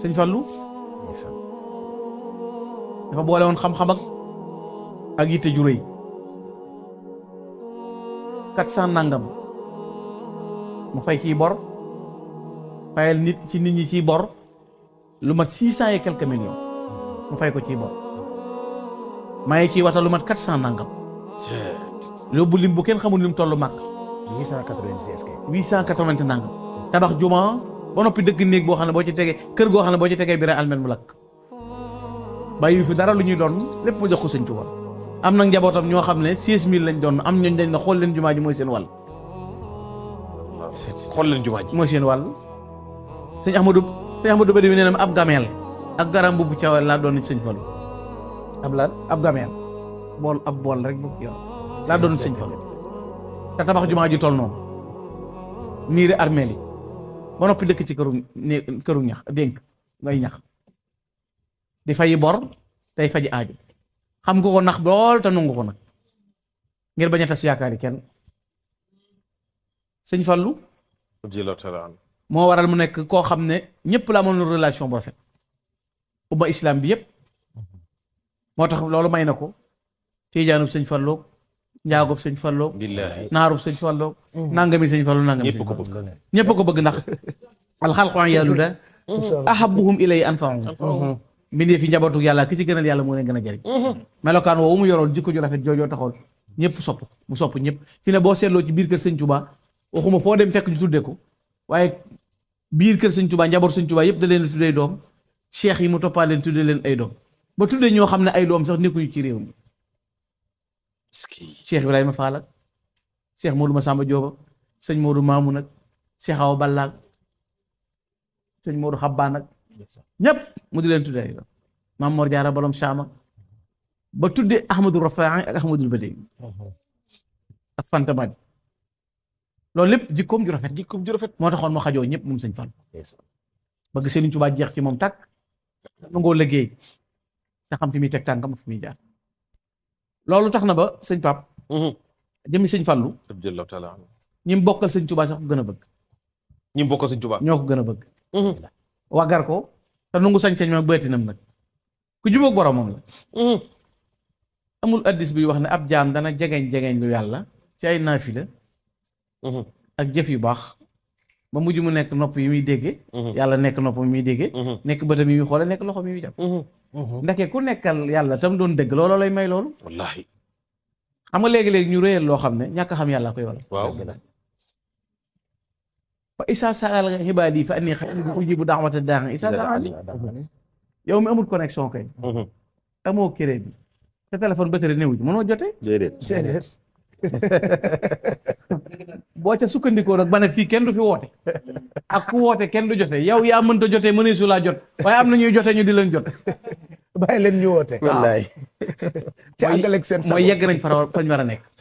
sëñ Fallou dafa boole woon xam-xam ak ak yitte ju rëy quatre cent nangam mu fay ci bor fayal nit ci nit ñi ci bor lu mat six cent et quelques mu fay ko ciy bor maye ciy wata lu mat quatre cent nangam loobu lim bu kenn xamul lim tollu mag huit cent quatre-vingt-seize huit tabax jumaa ba noppi dëkk néeg boo xam ne boo ci tegee kër goo xam ne boo ci tegee biir almel mu lakk bàyyi fi dara lu ñuy doon lépp mu jox ko sëñ Tuubaa am nag njabootam ñoo xam ne 16000 lañ doon am ñooñ dañ na xool leen jumaa ji mooy seen wàll. xool leen jumaa ji mooy seen wàll. sëñ Amadou sëñ Amadou Badi bi nee ab gameel ak garam bu bu caawal laa doon sëñ Fallu ab la ab gameel bool ab bool rek bu yor laa doon sëñ Fallu te tabax jumaa ji toll noonu niiri armeel yi ba noppi dëkk ci këru këru ñax dénk ngay ñax di fay bor tey faji aaju xam nga ko nax lool te nangu ko nag ngir ba a tas yaakaari kenn sëñ fallu moo waral mu nekk koo xam ne ñëpp la amoon relation bu rafet umma islam bi yëpp moo tax loolu may na ko tiijaanub sëñ Fallou njaagub sëñ Fallou naarub sëñ Fallou mm-hmm. nangami sëñ Fallou nangami sëñ Fallou ñëpp ko bëgg ndax alxalqu iyaalullaah ahabbuhum ilayhi anfa'uhum mbindee fi njabootu yàlla ki ci gënal yàlla moo leen gën a jëriñ melokaan woowu mu yoroon jikko ju rafet joojoo taxoon ñëpp sopp mu sopp ñëpp fi ne boo seetloo ci biir kër sëñ Tuubaa waxuma foo dem fekk ñu tuddee ko waaye biir kër sëñ Tuubaa njaboot sëñ Tuubaa yëpp da leen tuddee doom cheikh yi mu toppaa leen tuddee leen ay doom ba tuddee xam ne ay doom sax nekkuñu ci réew mi cheikh Ibrahima Fall ak cheikh Modou Massamba Diop ak sëñ Modou Mamoun ak cheikh sëñ Modou Xabbaan ak ñëpp mu di leen tuddee maam Mor Jaara borom Saam ba tuddee Ahmadou Rafaai ak Ahmadou Badawi uh-huh. ak Fanta Madi loolu lépp jikkoom ju rafet jikkoom ju rafet moo taxoon moo xajoo ñëpp moom sëñ Fall bëgg Sëriñ Tuubaa jeex ci moom tàkk nangoo liggéey te xam fi muy teg tànkam fi muy jaar loolu tax na ba sëñ Pap uh-huh. jëmi sëñ Fallu ñi mu bokkal sëñ Tuubaa sax ko gën a bëgg ñi mu bokkal sëñ Tuubaa ñoo ko gën a bëgg Mhm. waggar ko te nungu sañ-sañ ma baatinam nag ku jubóog boromam la mhm. amul addis buy wax ne ab jaam dana jegeñ-jegeñ lu yàlla ci ay naafila mhm. ak jëf yu baax ba mujj mu nekk nopp yi muy dégge yàlla nekk nopp yi muy dégge nekk bëtam yi muy xoole nekk loxo yi muy jàpp ndeke ku nekkal yàlla tam doon dëgg looloo lay may loolu wallaahi xam nga léegi-léegi ñu réyal loo xam ne ñàkk xam yàlla koy wala fa isa saalaka ibaadi fa anni xariibun ujiibu da'wata daa'i isa da'aani yow mi amul connexion kay mm-hmm. amoo crédit te téléphone batterie néew ji jote boo ca sukkandikoo nag ba ne fii kenn du fi woote ak ku woote kenn du jote yow yaa mënta jotee mënee su laa jot waaye am na ñuy jote ñu di leen jot bàyyi leen ñu woote wallaay ci àggaleeg seen mooy yegg nañ fa war a nekk